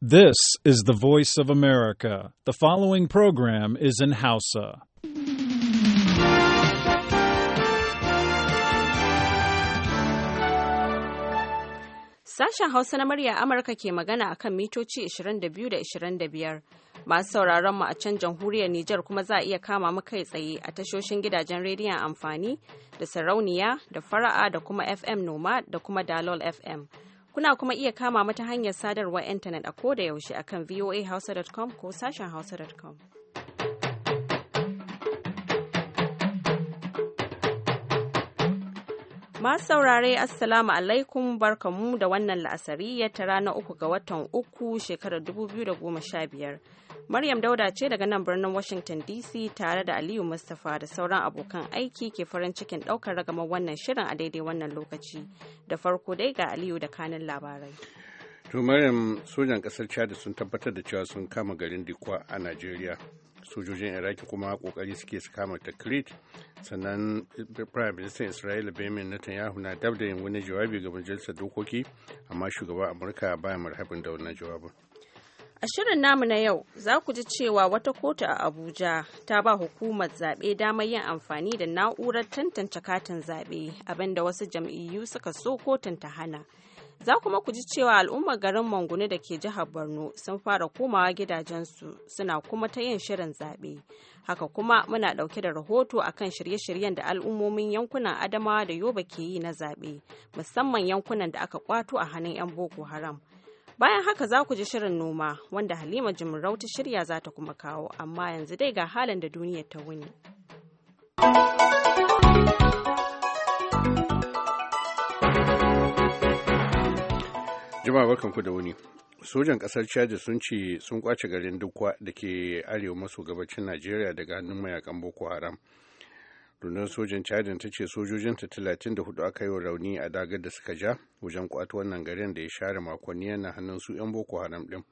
This is the voice of America. The following program is in Hausa. Sashen Hausa na murya Amurka ke magana akan mitoci 22 da 25. Masu sauraron mu a can jamhuriyar Nijar kuma za a iya kama mu kai tsaye a tashoshin gidajen rediyon amfani da sarauniya da fara'a da kuma FM Noma da kuma Dalol FM. Kuna kuma iya kama mata hanyar sadarwar intanet a ko da yaushe akan voahausa.com ko sashen hausa.com. Masu saurare Assalamu alaikum barkamu da wannan la'asari ta rana uku ga watan uku shekarar 2015. Maryam Dauda ce daga nan birnin Washington DC tare da Aliyu Mustapha da sauran abokan aiki ke farin cikin ɗaukar ragamar wannan shirin a daidai wannan lokaci. Da farko dai ga Aliyu da kanin labarai. To sojan kasar Chad sun tabbatar da cewa sun kama garin Dikwa a Najeriya. sojojin iraki kuma kokari suke su kama takrit sannan eh, prime minister israel benjamin netanyahu na dab da yin wani jawabi ga majalisar dokoki amma shugaban amurka baya marhabin da wannan jawabin A shirin namu na yau za ku ji cewa wata kotu a Abuja ta ba hukumar zaɓe damar yin amfani da na'urar tantance katin zaɓe abinda wasu jam'iyyu suka so kotun ta hana. Za kuma ku ji cewa al'ummar garin Mangune da ke jihar Borno sun fara komawa gidajensu suna kuma ta yin shirin zaɓe. Haka kuma muna ɗauke da rahoto akan shirye-shiryen da al'ummomin yankunan Adamawa da Yoba ke yi na zaɓe, musamman yankunan da aka kwato a hannun 'yan Boko Haram. Bayan haka za ku ji shirin noma wanda Halima Jimarau ta shirya za ta kuma kawo, amma yanzu dai ga halin da duniya ta wuni. Jama'a barkanku da wuni. Sojan kasar Chad sun ce sun kwace garin Dukwa da ke arewa maso gabacin Najeriya daga hannun mayakan Boko Haram. Rundunar sojan Chad ta ce sojojinta hudu aka yi wa rauni a dagar da suka ja wajen kwato wannan garin da ya share makonni yana hannun su 'yan Boko Haram din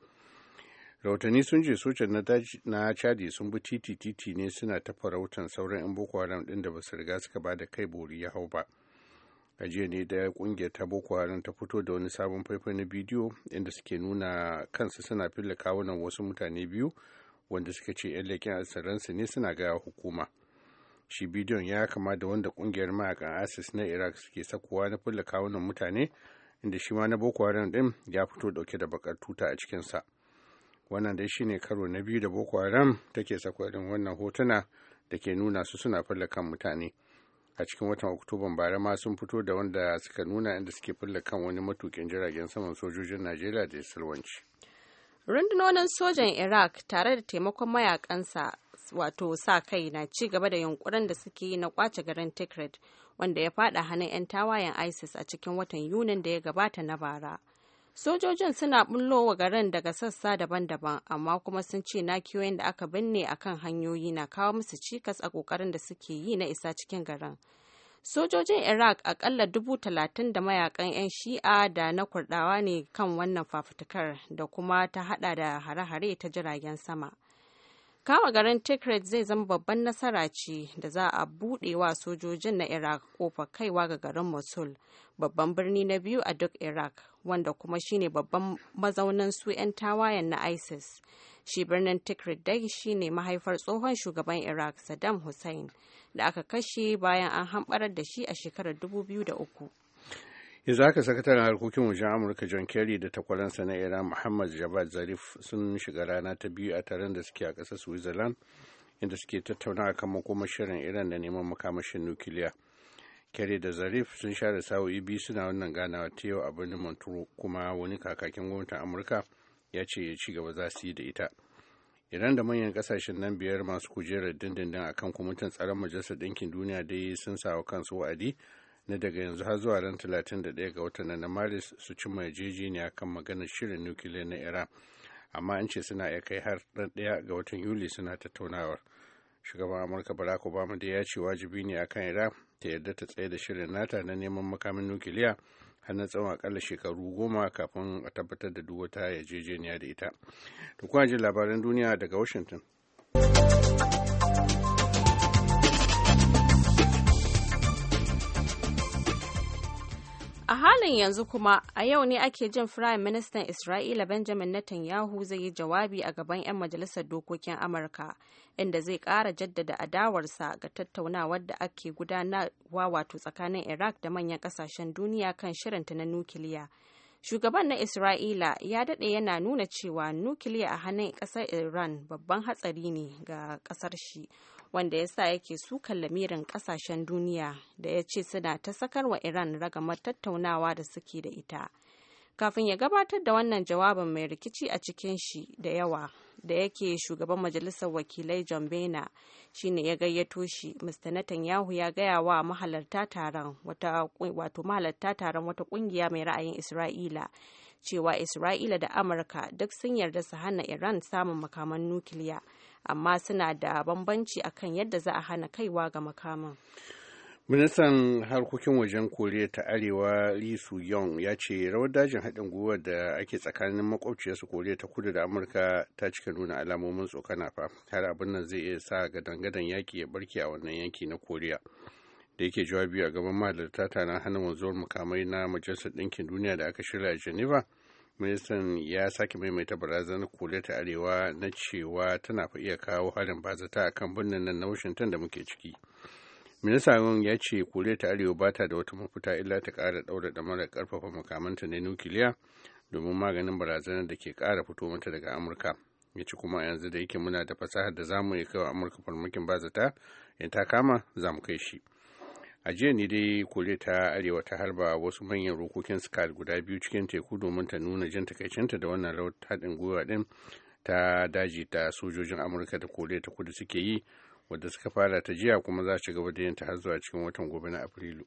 rahotanni sun ce sojan na Chad sun bi titi titi ne suna ta farautan sauran 'yan boko haram din da basu riga suka ba da kai bori ya hau ba a jiya ne da kungiyar ta boko haram ta fito da wani sabon faifai na bidiyo inda suke nuna kansu suna fila kawunan wasu mutane biyu wanda suka ce 'yan leƙen asiransu ne suna gaya hukuma shi bidiyon ya kama da wanda kungiyar mayakan isis na iraq suke sakuwa na fila kawunan mutane inda shi ma na boko haram din ya fito dauke da bakar tuta a cikinsa wannan dai shine karo na biyu da boko haram take sakwarin wannan hotuna da ke nuna su suna fallakan kan mutane a cikin watan oktoban bara ma sun fito da wanda suka nuna inda suke fulla kan wani matukin jiragen saman sojojin najeriya da sulwanci rundunonin sojan iraq tare da taimakon mayakansa wato sa kai na ci gaba da yunkurin da suke yi na kwace garin tikrit wanda ya fada hannun 'yan tawayen isis a cikin watan yunin da ya gabata na bara Sojojin suna bullo wa garin daga sassa daban-daban amma kuma sun ce na nakiyoyin da aka binne akan hanyoyi na kawo musu cikas a kokarin da suke yi na isa cikin garin. Sojojin Iraq akalla dubu talatin da mayakan 'yan shi'a da na kurdawa ne kan wannan fafutukar da kuma ta hada da hare-hare ta jiragen sama. kama garin tikrit zai zama babban nasara ce da za a wa sojojin na iraq kofar kaiwa ga garin mosul babban birni na biyu a duk iraq wanda kuma shine babban mazaunan su 'yan tawayen na isis shi birnin tikrit dai shine mahaifar tsohon shugaban iraq saddam hussein da aka kashe bayan an hamɓarar da shi a shekarar 2003 yanzu haka sakataren harkokin wajen amurka john kerry da takwaransa na iran muhammad javad zarif sun shiga rana ta biyu a taron da suke a ƙasar switzerland inda suke tattauna kan makomar shirin iran da neman makamashin nukiliya kerry da zarif sun share sa'o'i biyu suna wannan ganawa ta yau a birnin monturo kuma wani kakakin gwamnatin amurka ya ce ya ci gaba za su yi da ita iran da manyan kasashen nan biyar masu kujerar dindindin akan kwamitin tsaron majalisar dinkin duniya dai sun sawa kansu wa'adi na daga yanzu har zuwa ran 31 ga watan na maris su cimma yarjejeniya kan maganar shirin nukiliya na iran amma an ce suna iya kai har ɗan ɗaya ga watan yuli suna tattaunawar shugaban amurka barack obama da ya ce wajibi ne akan iran ta yarda ta tsaye da shirin nata na neman makamin nukiliya har na tsawon akalla shekaru goma kafin a tabbatar da duk wata yarjejeniya da ita. Duk jin labaran duniya daga Washington. shirin yanzu kuma a yau ne ake jin Firayim Ministan Isra'ila Benjamin Netanyahu zai yi jawabi a gaban 'yan majalisar dokokin Amurka inda zai ƙara jaddada adawarsa ga tattaunawar da ake gudanarwa wato tsakanin Iraq da manyan ƙasashen duniya kan shirinta na nukiliya. Shugaban na Isra'ila ya daɗe yana nuna cewa nukiliya a hannun ƙasar Iran babban hatsari ne ga ƙasar shi. wanda ya sa yake sukan lamirin kasashen duniya da ya ce suna ta sakar wa iran ragamar tattaunawa da suke da ita kafin ya gabatar da wannan jawabin mai rikici a cikin shi da yawa da yake shugaban majalisar wakilai john bena shine ya gayyato shi mr netanyahu ya gaya wa wato mahalarta taron wata kungiya mai ra'ayin isra'ila cewa Isra'ila da Amurka duk sun yarda su hana Iran samun makaman nukiliya, amma suna da bambanci akan yadda za a hana kaiwa ga makaman. ministan harkokin wajen koriya ta arewa lee yong ya ce rawar dajin haɗin gwiwa da ake tsakanin makwabciyarsu koriya ta kudu da amurka ta cika nuna alamomin tsokana fa har abin nan zai iya sa gadan-gadan yaƙi ya barke a wannan yanki na koriya da yake jawabi a gaban mahalarta taron hana wanzuwar mukamai na majalisar ɗinkin duniya da aka shirya a geneva ministan ya sake maimaita barazanar kula ta arewa na cewa tana fa iya kawo harin bazata a kan birnin nan na washington da muke ciki ministan ya ce kula ta arewa ba ta da wata mafita illa ta ƙara ɗaura mara ƙarfafa mukamanta na nukiliya domin maganin barazanar da ke kara fito mata daga amurka ya ci kuma yanzu da yake muna da fasahar da za mu iya wa amurka farmakin bazata in ta kama za mu kai shi a jiya ne dai koriya ta arewa ta harba wasu manyan rokokin scott guda biyu cikin teku domin ta nuna jin takaicinta da wannan haɗin gwiwa ɗin ta daji ta sojojin amurka da korea ta kudu suke yi wadda suka fara ta jiya kuma za ci gaba da yin ta har zuwa cikin watan gobe na afrilu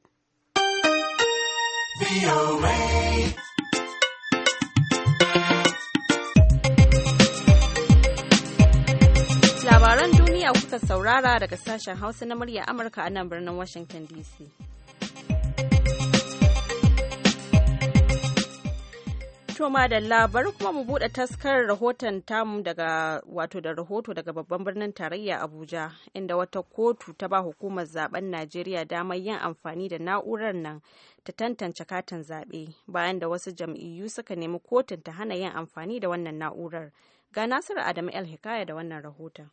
labaran Najeriya kuka saurara daga sashen Hausa na murya Amurka a nan birnin Washington DC. Toma da labar kuma mu buɗe taskar rahoton tamu daga wato da rahoto daga babban birnin tarayya Abuja inda wata kotu ta ba hukumar zaben Najeriya damar yin amfani da na'urar nan ta tantance katin zaɓe bayan da wasu jam'iyyu suka nemi kotun ta hana yin amfani da wannan na'urar. Ga Nasiru Adamu El Hikaya da wannan rahoton.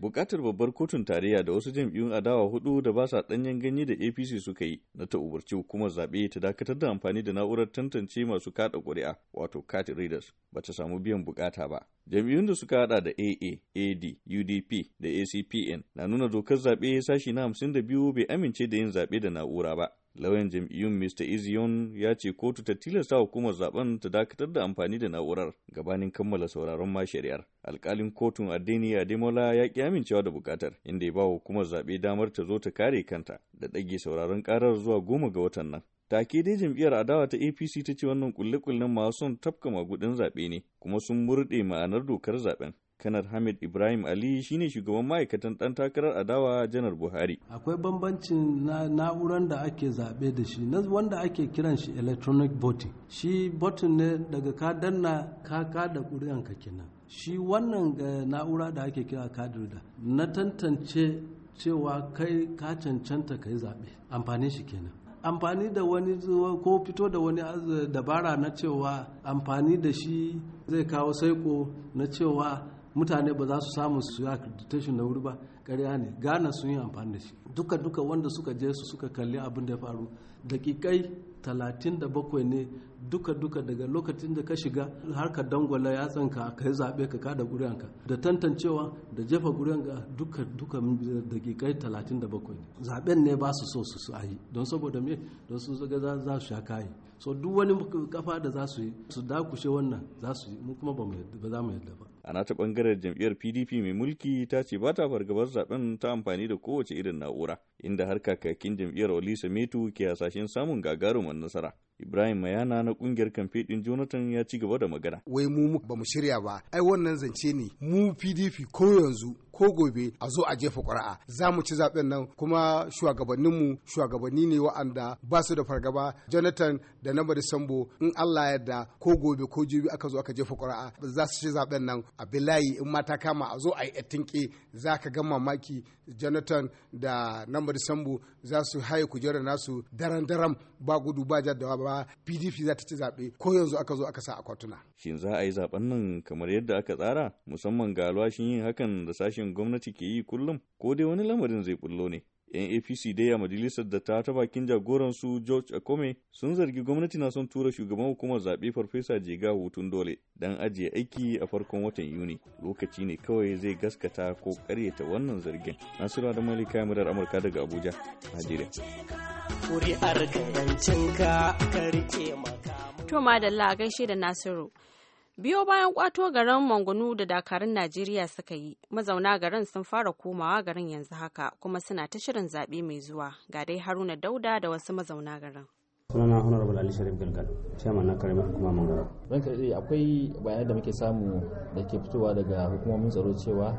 Bukatar babbar kotun tarayya da wasu jam'iyyun adawa hudu da ba sa danyen ganye da APC suka yi na ta umarci hukumar zaɓe ta dakatar da amfani da na'urar tantance masu kada ƙuri'a wato cat readers ba ta samu biyan bukata ba. Jam'iyyun da suka hada da AA, AD, UDP da ACPN na nuna dokar zaɓe sashi na 52 bai amince da yin zaɓe da na'ura ba. lauyan jam'iyyun Mr. Izion ya ce kotu ta tilasta hukumar zaben ta dakatar da amfani da na'urar gabanin kammala sauraron ma shari'ar. Alkalin kotun addini Ademola ya ki amincewa da bukatar inda ya ba hukumar zaɓe damar ta zo ta kare kanta da ɗage sauraron karar zuwa goma ga watan nan. Take dai jam'iyyar adawa ta APC ta ce wannan kulle-kullen masu son tafka magudin zaɓe ne kuma sun murɗe ma'anar dokar zaɓen. kanar hamid ibrahim ali shine shugaban ma'aikatan dan takarar adawa janar buhari akwai bambancin na na'urar da ake zaɓe da shi na wanda ake kiran shi electronic voting shi botin ne daga ka danna ka kada ka kenan shi wannan ga eh, na'ura da ake kira kadirda na tantance cewa kai ka cancanta kai zaɓe amfani shi kenan amfani da wani ko fito da wani dabara na cewa amfani da shi zai kawo saiko na cewa mutane ba za su samu su yi accreditation na wuri ba karya ne gana sun yi amfani da shi duka duka wanda suka je su suka kalli abin da ya faru da 37 ne duka duka daga lokacin da ka shiga har ka dangwala tsanka ka yi zaɓe ka kada guriyanka da tantancewa da jefa guriyanka duka duka da 37 ne zaɓen ne ba su so su su yi don saboda me don su zaga za su sha kayi so duk wani kafa da za su yi su dakushe wannan za su yi mu kuma ba za mu yadda ba a nata bangaren jam'iyyar pdp mai mulki ta ce ba ta fargabar zaben ta amfani da kowace irin na'ura inda har kakakin jam'iyyar olisa metu ke hasashen samun gagarumar nasara Ibrahim Mayana na kungiyar kamfe din Jonathan ya ci gaba da magana. Wai mu ba mu shirya ba, ai wannan zance ne mu PDP ko yanzu ko gobe a zo a jefa ƙuri'a za mu ci zaɓen nan kuma shugabanninmu shugabanni ne wa'anda ba su da fargaba Jonathan da na Sambo in Allah yadda ko gobe ko jibi aka zo aka jefa ƙuri'a za su ci zaɓen nan a bilayi in mata kama a zo a yi tinke za ka ga mamaki Jonathan da na Sambo za su haye kujerar nasu daren daren ba gudu ba jaddawa ba pdp za ta ci zaɓe ko yanzu aka zo aka sa a kwatuna shin za a yi zaben nan kamar yadda aka tsara musamman ga alwashin yin hakan da sashen gwamnati ke yi kullum ko dai wani lamarin zai bullo ne yan apc dai a majalisar da ta ta bakin jagoransu george akome sun zargi gwamnati na son tura shugaban hukumar zaɓe farfesa jega hutun dole don ajiye aiki a farkon watan yuni lokaci ne kawai zai gaskata ko karyata wannan zargin nasiru da malika murar amurka daga abuja najeriya kuri'ar ka ka rike makama. To madalla gaishe da Nasiru. Biyo bayan kwato garin Mangunu da dakarun Najeriya suka yi, mazauna garin sun fara komawa garin yanzu haka kuma suna ta shirin zaɓe mai zuwa ga dai Haruna Dauda da wasu mazauna garin. sunana honorable ali sharif galgal chairman na karamar hukumar mangara ranka akwai bayanai da muke samu da ke fitowa daga hukumomin tsaro cewa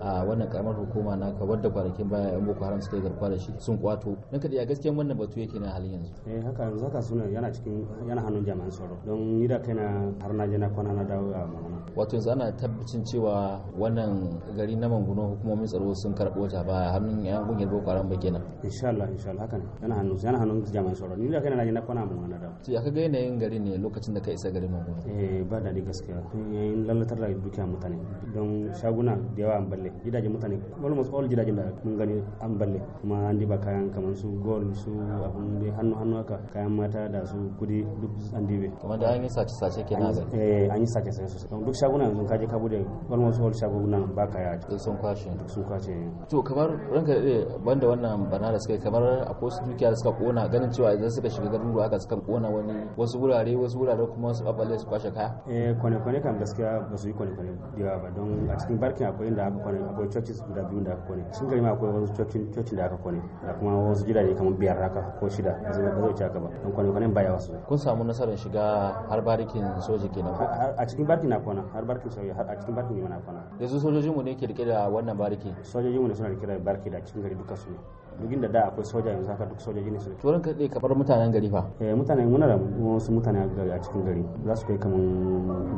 a wannan karamar hukuma na ka wadda kwanakin baya yan boko haram suka yi garkuwa da shi sun kwato don ranka a gaskiyan wannan batu yake na halin yanzu eh haka yanzu haka suna yana cikin yana hannun jami'an tsaro don ni da kaina har na je na kwana na dawo a mana wato yanzu ana tabbacin cewa wannan gari na manguno hukumomin tsaro sun karɓo ta ba hannun yan gungiyar boko haram ba kenan insha Allah insha Allah haka ne yana hannun yana hannun jami'an tsaro ni da kaina na je na kwana ana mun wani da to ya ga yanayin gari ne lokacin da ka isa garin maguna eh ba da ni gaskiya yayin lallatar da dukiya mutane don shaguna da yawa an balle gidajen mutane almost all gidajen da mun gani an balle kuma an diba kayan kamar su gold su abun da hannu hannu haka kayan mata da su kudi duk an dibe kuma da an yi sace sace kenan eh an yi sace sace sosai don duk shaguna yanzu je ka bude almost all shaguna ba ya. duk sun kwashe duk sun kwashe to kamar ranka da banda wannan bana da suka kamar akwai su dukiya da suka kona ganin cewa idan suka shiga garin ruwa haka suka kona wani wasu wurare wasu wurare kuma wasu abalai su kwashe kaya eh kwane-kwane kan gaskiya ba su yi kwane-kwane da yawa ba don a cikin barkin akwai inda aka kwane akwai churches guda biyu da aka kwane sun gari ma akwai wasu churches da aka kwane da kuma wasu gidaje kamar biyar haka ko shida ba zai ba zai haka ba don kwane-kwanen baya wasu kun samu nasarar shiga har barkin soji kenan a cikin barkin na kwana har barkin soji har a cikin barkin ne mana kwana yanzu sojojinmu ne ke rike da wannan bariki sojojinmu ne suna rike da barki da cikin gari duka su ne duk inda da akwai soja yanzu haka duk sojoji ne su turan kaɗe kamar mutanen gari fa eh mutane muna da wasu mutane a cikin gari za su kai kamar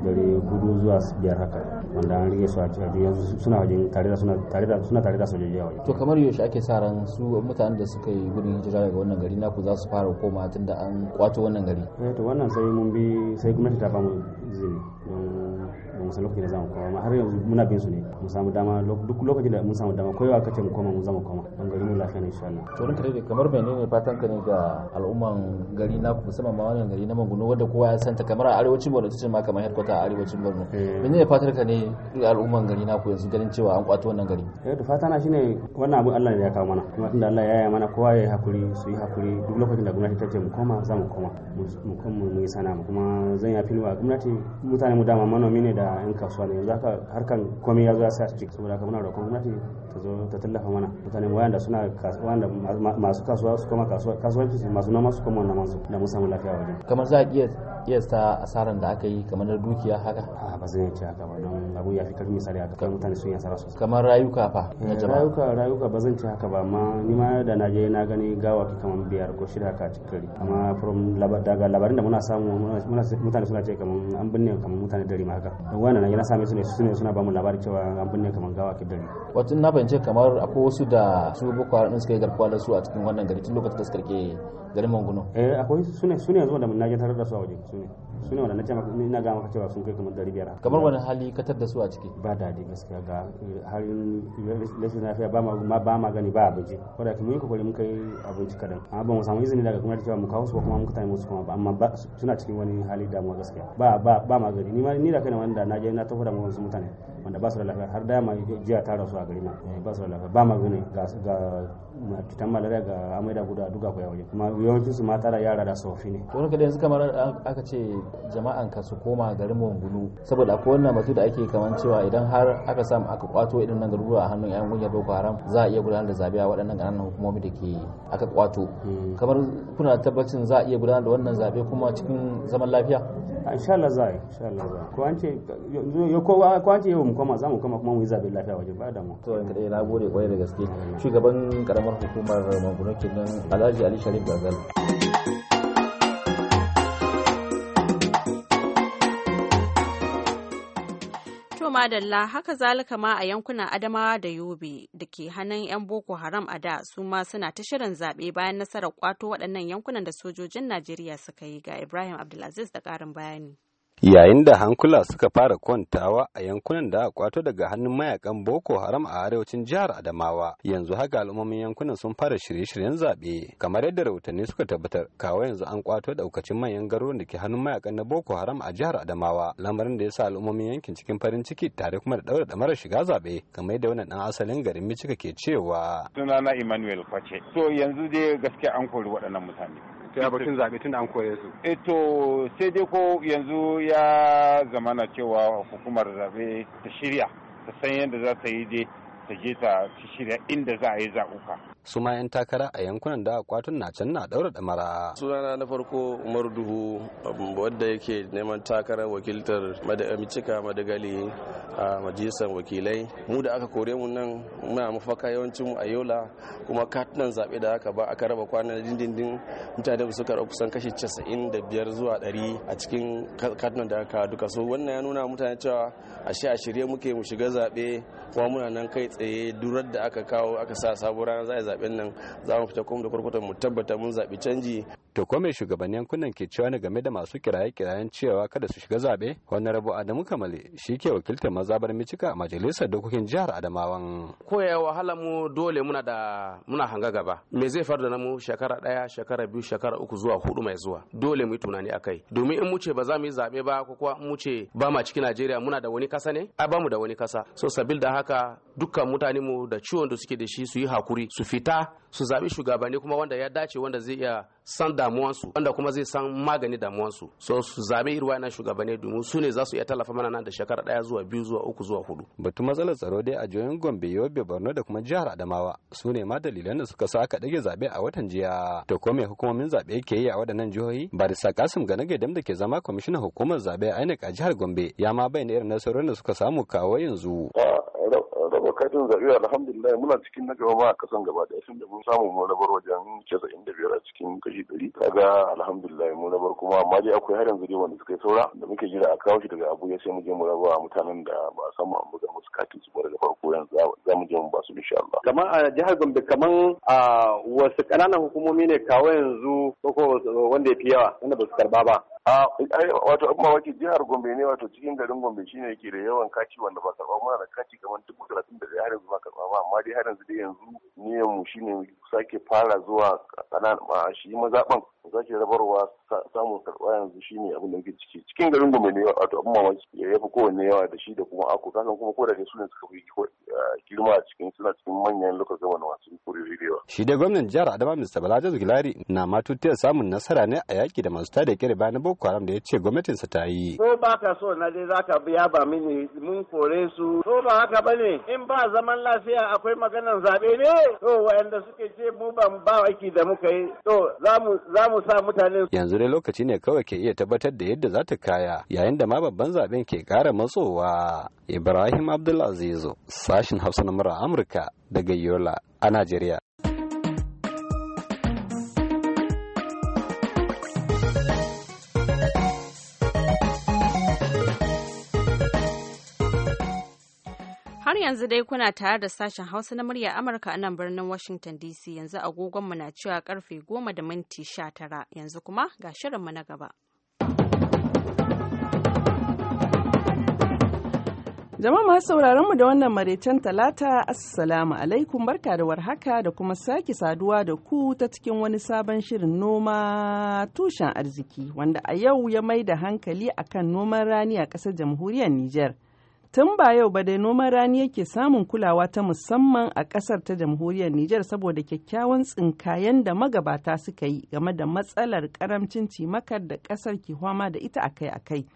gari gudu zuwa biyar haka wanda an rige su a yanzu suna wajen tare da suna tare da suna tare da sojoji a to kamar yaushe ake sa ran su mutanen da suka yi gudun hijira daga wannan gari naku za su fara koma tun da an kwato wannan gari eh to wannan sai mun bi sai gwamnati ta ba mu izini musa lokacin da za mu koma amma har yanzu muna bin su ne mu samu dama duk lokacin da mun samu dama koyawa aka ce mu koma mu zama koma don gari mu lafiya ne insha Allah to ranka dai kamar menene fatan ka ne ga al'umman gari na ku musamman ma wannan gari na Manguno wanda kowa ya santa kamar a arewacin Borno ce ma kamar headquarter a arewacin Borno eh. menene fatar ka ne ga al'umman gari na ku yanzu ganin cewa an kwato wannan gari eh da fatana shine wannan abin Allah ne ya kawo mana kuma tunda Allah ya yaya mana kowa ya yi hakuri su yi hakuri duk lokacin da gwamnati ta ce mu koma za mu koma mu koma mu yi sana'a kuma zan yafi filwa gwamnati mutane mu dama manomi ne da yan kasuwa ne yanzu harkan komai ya zo ya sa su ciki saboda haka muna roƙon gwamnati ta zo ta tallafa mana mutane wayanda suna wayanda masu kasuwa su koma kasuwa kasuwanci masu noma su koma wannan masu da mu samu lafiya wajen kamar za a iya sa asaran da aka yi kamar na dukiya haka a ba zai wuce haka ba don abu ya fi karfi misali a kan mutane sun yi asara sosai kamar rayuka fa eh, na jama'a rayuka rayuka ba zan ci haka ba amma ni ma da na je na gani gawa ki kamar biyar ko shida haka cikin kari amma from daga labarin da muna samu mutane suna ce kamar an binne kamar mutane dari ma haka don wannan na same su ne su ne suna ba mu labarin cewa an binne kamar gawa ki dari wato na fahimci kamar akwai wasu da su boko haram suka yi garkuwa da su a cikin wannan gari tun lokacin da suka rike garin manguno eh akwai su ne su ne yanzu da mun na je tare da su a waje su ne su ne wanda na ce maka ga maka cewa sun kai kamar dari biyar kamar wani hali katar da su a ciki ba daɗi gaskiya ga halin rashin lafiya ba ba ma gani ba abinci ko da mun yi kokari mun kai abinci kadan amma ba mu samu izini daga gwamnati cewa mu kawo su kuma muka taimaka su kuma ba amma suna cikin wani hali damuwa gaskiya ba ba ba ma gari ni ma ni da kaina wanda na je na tafi da wasu mutane wanda ba su da lafiya har dama jiya ta rasu a gari na eh, ba su da lafiya ba ma gani ga ga cutar malaria ga amai da guda duka ko yawaye kuma yawancin su mata da yara da tsofi ne to ne yanzu kamar aka ce jama'an ka su koma garin Mangulu saboda akwai wannan batu da ake kaman cewa idan har aka samu aka kwato idan nan garuruwa a hannun yan kungiyar Boko Haram za a iya gudanar da zabe a waɗannan ƙananan hukumomi da ke aka kwato hmm. kamar kuna tabbacin za a iya gudanar da wannan zabe kuma cikin zaman lafiya insha Allah za a yi insha Allah za ko an ce ko an ce yau mu koma za mu koma kuma mu yi zabe lafiya waje ba da mu to in kadai na gode kwarai da gaske shugaban karamar hukumar Mangulu kenan Alhaji Ali Sharif you To madalla haka zalika ma a yankunan Adamawa da Yobe da ke hannun 'yan Boko Haram a da su ma suna ta shirin zaɓe bayan nasarar kwato waɗannan yankunan da sojojin Najeriya suka yi ga Ibrahim Abdulaziz da karin bayani. yayin da hankula suka fara kwantawa a yankunan da aka kwato daga hannun mayakan boko haram a arewacin jihar adamawa yanzu haka al'ummomin yankunan sun fara shirye-shiryen zaɓe kamar yadda rahotanni suka tabbatar kawo yanzu an kwato daukacin manyan garuruwan da ke hannun mayakan na boko haram a jihar adamawa lamarin da ya sa al'ummomin yankin cikin farin ciki tare kuma da ɗaura mara shiga zaɓe kamar yadda wannan ɗan asalin garin micika ke cewa sunana emmanuel kwace to yanzu dai gaskiya an kori waɗannan mutane ta bakin zaɓe tun an koye su eto eh sai dai ko yanzu ya zamana cewa hukumar zaɓe ta shirya ta san yadda za ta yi dai ta je ta shirya inda za a yi zaɓuka su ma 'yan takara a yankunan da kwatun na can na daura damara. sunana na farko umar duhu um, wadda yake neman takarar wakiltar madagamicika eh, madagali a majalisar wakilai mu da aka kore mu nan muna mafaka yawancin mu a yola kuma katunan zaɓe da aka ba aka raba kwanan dindindin mutane su karɓa kusan kashi casa'in da biyar zuwa ɗari a cikin katunan da aka duka so wannan ya nuna mutane cewa a a shirye muke mu shiga zaɓe kuma muna nan kai tsaye durar da aka kawo aka sa sabuwar ranar zaben nan za mu fita kuma da kwarkwatar mu tabbata mun zaɓi canji To ko mai shugaban yankunan ke cewa ne game da masu kiraye-kirayen cewa kada su shiga zabe? rabu Adamu Kamale shi ke wakiltar mazabar Micika a majalisar dokokin jihar Adamawan. Koya wahala mu dole muna da muna hanga gaba. Me zai faru da mu shekara ɗaya, shekara biyu, shekara uku zuwa hudu mai zuwa. Dole mu yi tunani akai. Domin in mu ce ba za mu yi zabe ba ko kuwa in mu ce ba ma cikin Najeriya muna da wani kasa ne? A ba mu da wani kasa. So sabil da haka dukkan mutane mu da ciwon da suke da shi su yi hakuri, su fita, su zaɓi shugabanni kuma wanda ya dace wanda zai iya san damuwansu wanda kuma zai san magani damuwansu so su zabe irwa na shugabanni domin su ne za su iya tallafa mana nan da shekara daya zuwa biyu zuwa uku zuwa hudu batu matsalar tsaro dai a jihohin gombe yobe borno da kuma jihar adamawa su ne ma dalilan da suka sa aka dage zabe a watan jiya to ko me hukumomin zabe ke yi a waɗannan jihohi barista kasim ganage dam da ke zama kwamishinan hukumar zabe a inec a jihar gombe ya ma bayyana irin nasarorin da suka samu kawo yanzu cin zaɓe alhamdulillah muna cikin na gaba ma a kasan gaba da tun da mun samu mun rabar wajen kesa inda biyar a cikin kashi ɗari kaga alhamdulillah mun rabar kuma amma dai akwai har yanzu dai wanda suka yi saura da muke jira a kawo shi daga abuja sai mu je mu raba mutanen da ba a samu an buga musu kati su ba da farko yanzu za mu je mu ba su insha Allah. kamar a jihar gombe kamar a wasu ƙananan hukumomi ne kawo yanzu ko wanda ya fi yawa wanda ba su karba ba. wato abin mamaki jihar gombe ne wato cikin garin gombe shine yake da yawan kaci wanda ba karɓa muna da kaci kamar dubu talatin da har yanzu ba karɓa ba amma dai har yanzu dai yanzu niyan mu shine sake fara zuwa kanan shi mazaɓan sake rabarwa samun karɓa yanzu shi ne abin da muke ciki cikin garin gombe ne wato abin mamaki ya yafi kowanne yawa da shi da kuma ako kasan kuma ko da ne ne suka fi eh, girma a cikin suna cikin manyan lokacin zaman masu kuriyoyi da yawa. shi da gwamnan jihar adama mr balaja zugilari na ma samun nasara ne a yaki da masu tada kere bayan boko haram da ya ce gwamnatinsa ta yi. ko ba ka so na dai zaka biya ba mini mun kore su ko ba haka ba ne in ba zaman lafiya akwai maganar zaɓe ne to waɗanda suke ce mu ba aiki da muka yi to za mu mu sa mutane yanzu dai lokaci ne kawai ke iya tabbatar da yadda za ta kaya yayin da ma babban zaben ke kara matsowa Ibrahim Abdulaziz sashin Hausa na Amurka daga Yola a Najeriya Har yanzu dai kuna tare da sashen Hausa na murya Amurka a nan birnin Washington DC yanzu agogonmu na cewa karfe goma da minti sha tara yanzu kuma ga shirinmu na gaba. Jama'a masu sauraron mu da wannan maraicen talata assalamu alaikum barka da warhaka da kuma sake saduwa da ku ta cikin wani sabon shirin noma tushen arziki wanda a yau ya mai da hankali akan noman rani a ƙasar jamhuriyar Nijar. Tun ba yau ba dai noman rani yake samun kulawa ta musamman a ƙasar ta jamhuriyar Nijar saboda kyakkyawan tsinkayen da magabata suka yi game da matsalar ƙaramcin cimakar da ƙasar ke fama da ita akai-akai.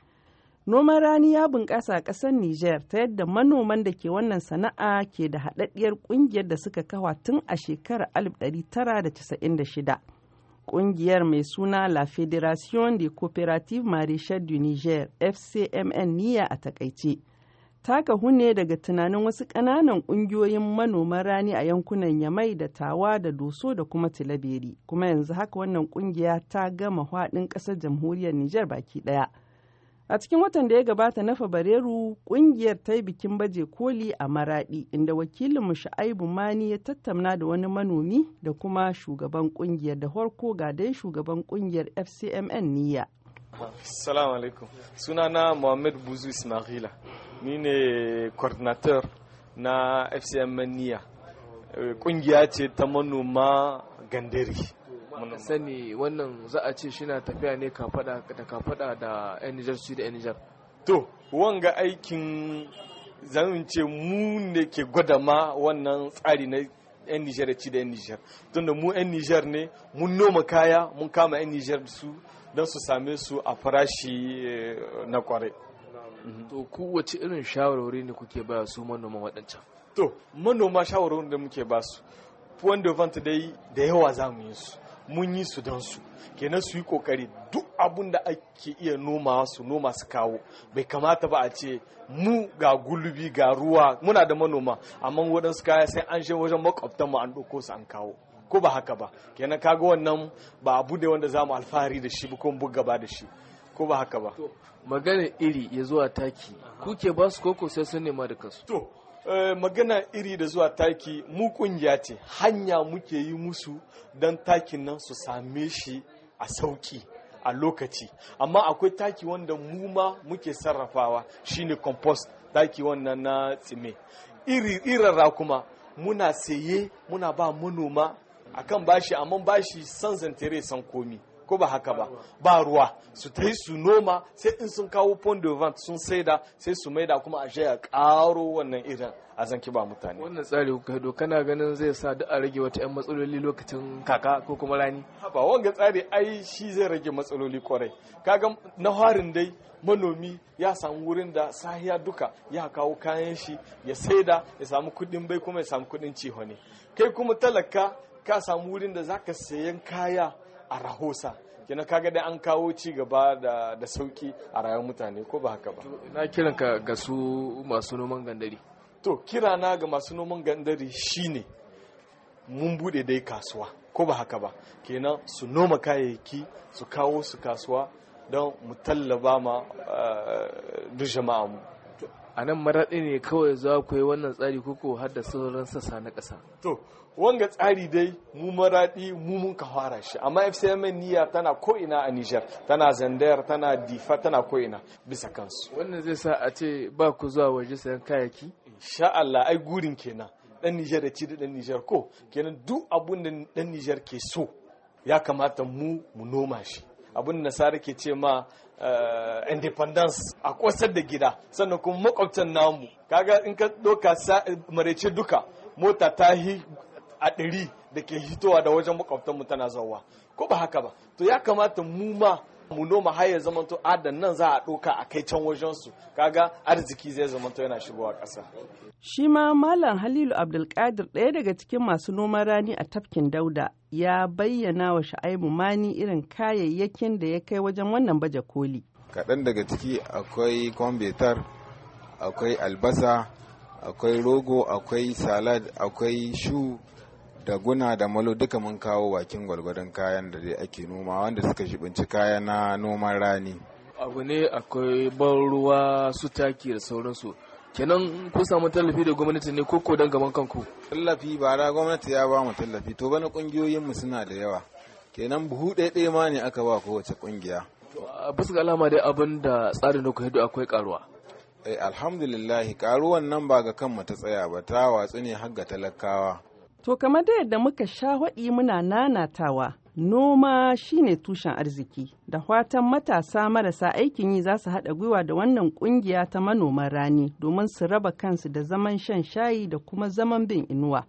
Noman rani ya bunƙasa a ƙasar Nijar ta yadda manoman da ke wannan sana'a ke da haɗaɗɗiyar ƙungiyar da suka kawa tun a shekarar 1996. Ƙungiyar mai suna La Fédération de coopérative Maraîchères du Niger FCMN niya a takaice. taka hune daga tunanin wasu ƙananan ƙungiyoyin manoman rani a yankunan Yamai da Tawa da Doso da kuma Tilaberi, kuma yanzu haka wannan ƙungiya ta gama haɗin ƙasar jamhuriyar Nijar baki ɗaya. A cikin watan da ya gabata na Fabrairu, ƙungiyar ta yi bikin baje koli a Maraɗi, inda wakilinmu Sha'aibu Mani ya tattauna da wani manomi da kuma shugaban ƙungiyar da farko ga dai shugaban ƙungiyar FCMN Niyya. Salamu alaikum. Sunana muhammed Buzu Ismaila. ni ne coordinator na fcm niya kungiya ce ta manoma gandari sani wannan za a ce shi na tafiya ne da kafada da yan su da yan to wanga aikin zanen ce mu ne ke gwada ma wannan tsari na 'yan Nijar ci da 'yan Nijar tunda mu 'yan Nijar ne mun noma kaya mun kama 'yan Nijar su don su same su a farashi eh, na kwarai Mhm. to kowace irin shawarwari ne kuke ba su manoman waɗancan to manoma shawarwarin da muke ba su wanda vanta dai da yawa za mu yi su mun yi su don su kenan su yi kokari duk abun da ake iya noma su noma su kawo bai kamata ba a ce mu ga gulubi ga ruwa muna da manoma amma waɗansu kaya sai an shi wajen makwabtan mu an ɗauko su an kawo ko ba haka ba kenan kaga wannan ba abu ne wanda za mu alfahari da shi ba ko buga ba da shi ko ba haka ba magana iri ya zuwa taki kuke ba su koko sai sun nema da kasu to eh, magana iri da zuwa taki mu kungiya ce hanya muke yi musu don takin nan su same shi a sauki a lokaci amma akwai taki wanda mu ma muke sarrafawa shine compost taki wannan na tsime iri ra kuma muna saye muna ba manoma akan bashi amma bashi san zantere san komi ko ba haka ba ba ruwa su ta su noma sai in sun kawo pond de vent sun saida sai su maida kuma a ya karo wannan irin a zan ba mutane wannan tsari ka kana ganin zai sa duk a rage wata yan matsaloli lokacin kaka ko kuma rani ba wanga tsari ai shi zai rage matsaloli kwarai kaga na harin dai manomi ya samu wurin da sahiya duka ya kawo kayan shi ya saida ya samu kudin bai kuma ya samu kudin ne kai kuma talaka ka samu wurin da zaka sayan kaya a rahosa kina kaga dai an kawo ci gaba da, da sauki a rayuwar mutane ko ba haka ba na kiran ka ga su masu noman gandari to kirana ga masu noman gandari shine mun bude dai kasuwa ko ba haka ba kenan su noma kayayyaki su kawo su kasuwa don mu tallaba ma uh, a nan maraɗi ne kawai za ku yi wannan tsari koko har da sauran sassa na ƙasa to wanga tsari dai mu maraɗi mu mun ka fara shi amma fcmn niyya tana ko'ina a Nijar tana zandayar tana difa tana ko'ina bisa kansu wannan zai sa a ce ba ku zuwa waje sayan kayaki insha Allah ai gurin kenan dan niger da ci da dan niger ko kenan duk abun da dan Nijar ke so ya kamata mu mu noma shi abin nasara ke ce ma eh, independence a kosar da gida sannan kuma makwabtan namu kaga in ka doka marece duka mota ta hi a ɗari da ke hitowa da wajen mu tana zauwa ko ba haka ba to ya kamata mu ma mu noma har ya zamanto adan nan za a ɗoka a kai can wajensu kaga arziki zai zamanto yana shigowa ƙasa. shi ma malam halilu abdulkadir ɗaya daga cikin masu noman rani a tafkin dauda ya bayyana wa sha'aibu mani irin kayayyakin da ya kai wajen wannan baje koli. kaɗan daga ciki akwai kwambetar akwai albasa akwai rogo akwai salad akwai shu da guna da malo duka mun kawo bakin gwargwadon kayan da dai ake noma wanda suka shibinci kayan na noman rani abu ne akwai ban ruwa su taki da sauransu kenan kun samu tallafi da gwamnati ne ko don gaban kanku tallafi ba da gwamnati ya ba mu tallafi to bana mu suna da yawa kenan buhu ɗaya ɗaya ma ne aka ba kowace kungiya bisa ga alama dai abin da tsarin da ku akwai karuwa eh, alhamdulillah karuwan nan ba ga kanmu ta tsaya ba ta watsu ne har ga talakawa To kamar da yadda muka sha haɗi muna nanatawa, noma shine tushen arziki, da fatan matasa marasa aikin yi za su haɗa gwiwa da wannan ƙungiya ta manoman rani domin su raba kansu da zaman shan shayi da kuma zaman bin inuwa.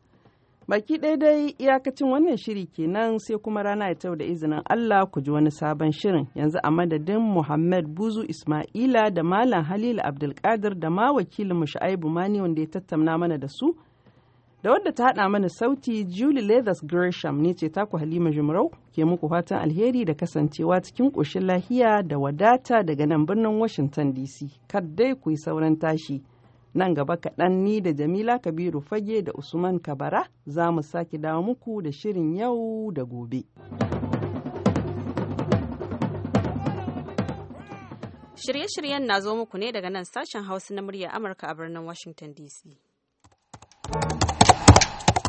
Baki daidai dai iyakacin wannan shiri kenan sai kuma rana ya da izinin Allah ku ji wani sabon shirin yanzu a madadin Muhammad Buzu Ismaila da Malam Halil Abdulkadir da ma wakilin mu Shu'aibu Mani wanda ya tattauna mana da su. da wadda ta haɗa mana sauti Julie Leathers Gresham ne ce taku Halima Jumrau ke muku fatan alheri da kasancewa cikin ƙoshin lahiya da wadata daga nan birnin Washington DC. Kaddai ku yi sauran tashi. Nan gaba kaɗan ni da Jamila Kabiru Fage da Usman Kabara za mu sake dawo muku da shirin yau da gobe. Shirye-shiryen na zo muku ne daga nan sashen Hausa na murya Amurka a birnin Washington DC.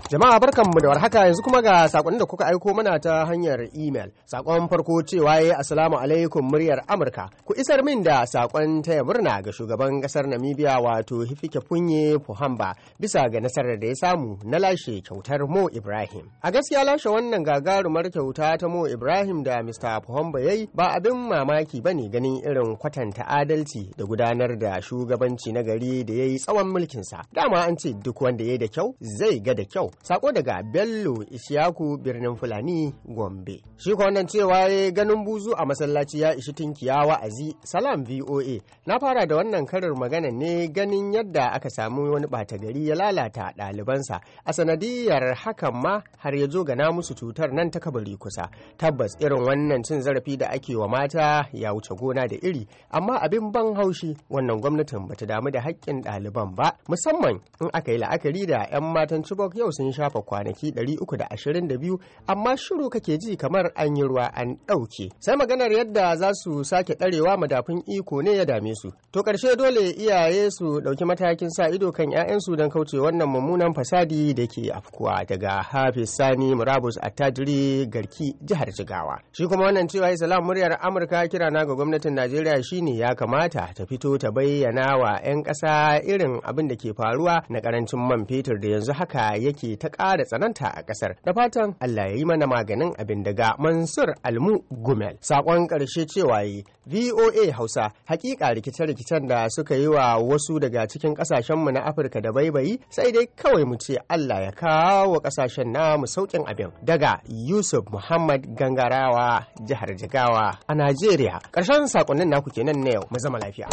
Jama'a barkanmu da warhaka yanzu kuma ga sakonnin da kuka aiko mana ta hanyar email. Sakon farko cewa ya asalamu alaikum muryar Amurka. Ku isar min da sakon taya murna ga shugaban kasar Namibia wato Hifikepunye Pohamba bisa ga nasarar da ya samu na lashe kyautar Mo Ibrahim. A gaskiya lashe wannan gagarumar kyauta ta Mo Ibrahim da Mr. Pohamba yayi ba abin mamaki bane ganin irin kwatanta adalci da gudanar da shugabanci na gari da yayi tsawon mulkinsa. Dama an ce duk wanda yayi da kyau zai ga da kyau. Sako daga Bello Ishaku birnin Fulani Gombe. Shi wannan cewa ya ganin buzu a masallaci ya ishi tinkiya wa'azi salam VOA. Na fara da wannan karar magana ne ganin yadda aka samu wani bata gari ya lalata ɗalibansa a sanadiyar hakan ma har ya zo gana musu cutar nan ta kabari kusa. Tabbas irin wannan cin zarafi da ake wa mata ya wuce gona da iri amma abin ban haushi wannan gwamnatin bata damu da haƙƙin ɗaliban ba musamman in aka yi la'akari da 'yan matan Chibok yau sun sun shafa kwanaki 322 amma shiru kake ji kamar an yi ruwa an ɗauke sai maganar yadda za su sake ɗarewa madafun iko ne ya dame su to ƙarshe dole iyaye su ɗauki matakin sa ido kan 'ya'yansu don kauce wannan mummunan fasadi da ke afkuwa daga hafiz sani murabus attajiri garki jihar jigawa shi kuma wannan cewa salamu muryar amurka kira na ga gwamnatin najeriya shine ya kamata ta fito ta bayyana wa 'yan ƙasa irin abin da ke faruwa na karancin man fetur da yanzu haka yake ta ƙara tsananta a ƙasar da fatan Allah ya yi mana maganin abin daga Mansur Almu Gumel. Sakon ƙarshe cewa yi VOA Hausa hakika rikice-rikicen da suka yi wa wasu daga cikin ƙasashenmu na Afirka da baibayi sai dai kawai mu ce Allah ya kawo ƙasashen namu sauƙin abin daga Yusuf Muhammad Gangarawa jihar Jigawa a Najeriya. Ƙarshen sakonnin naku kenan na yau mu zama lafiya.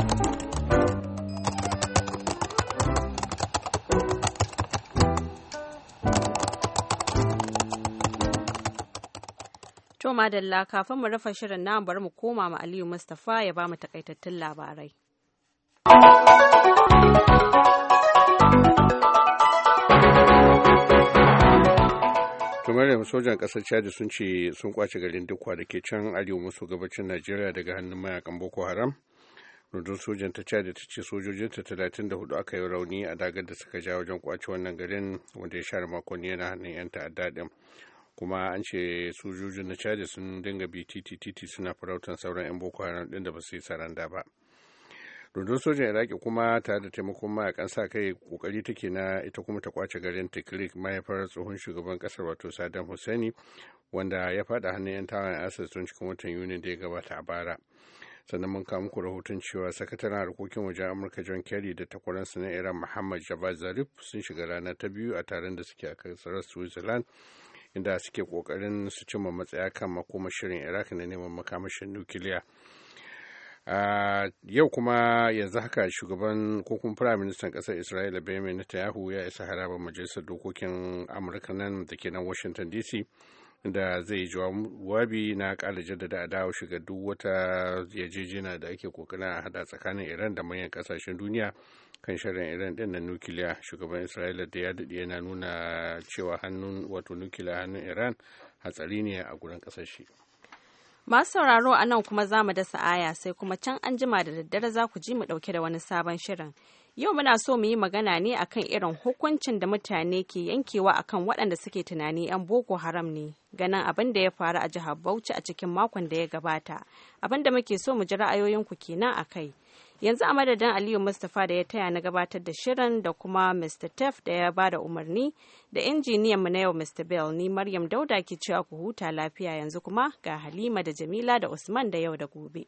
To dalla kafin mu rufe shirin na bari mu koma ma Aliyu mustafa ya ba mu takaitattun labarai. kamar sojan kasar chad sun ce sun kwace garin dukwa da ke can arewa maso gabacin najeriya daga hannun mayakan boko haram rundun sojan ta chad ta ce sojojinta 34 aka yi rauni a dagar da suka ja wajen kwace wannan garin wanda ya share makonni yana hannun 'yan ta'adda din kuma an ce sojojin na chadi sun dinga bi titi titi suna farautan sauran 'yan boko haram din da ba su yi saranda ba rundun sojan iraki kuma tare da taimakon mayakan sa kai kokari take na ita kuma ta kwace garin tikrik mahaifar tsohon shugaban kasar wato saddam hussein wanda ya fada hannun 'yan tawayen asus tun cikin watan yuni da ya gabata a bara sannan mun kawo muku rahoton cewa sakataren harkokin wajen amurka john kerry da takwaransa na iran muhammad javad zarif sun shiga rana ta biyu a taron da suke a kasar switzerland inda suke kokarin su cimma matsaya kan makoma shirin iraq na neman makamashin nukiliya yau kuma yanzu haka shugaban kokun kuma firayim ministan kasar isra'ila benjamin yahu ya isa haraba majalisar dokokin amurka nan da ke nan washington dc da zai yi jawabi na kala jaddada a dawo shiga duk wata yarjejena da ake kokarin a hada tsakanin iran da manyan kasashen duniya kan shirin iran din na nukiliya shugaban isra'ila da ya daɗe yana nuna cewa hannun wato nukiliya hannun iran hatsari ne a gurin ƙasar masu sauraro a nan kuma za mu dasa aya sai kuma can an jima da daddare za ku ji mu ɗauke da wani sabon shirin yau muna so mu yi magana ne akan irin hukuncin da mutane ke yankewa akan waɗanda suke tunani 'yan boko haram ne ganin abin da ya faru a jihar bauchi a cikin makon da ya gabata abin da muke so mu ji ra'ayoyinku kenan a kai yanzu a madadin aliyu mustapha da ya taya na gabatar da shirin da kuma mr tef da ya bada umarni da injiniyan mu na yau mr bell ni maryam dauda ke cewa ku huta lafiya yanzu kuma ga halima da jamila da usman da yau da gobe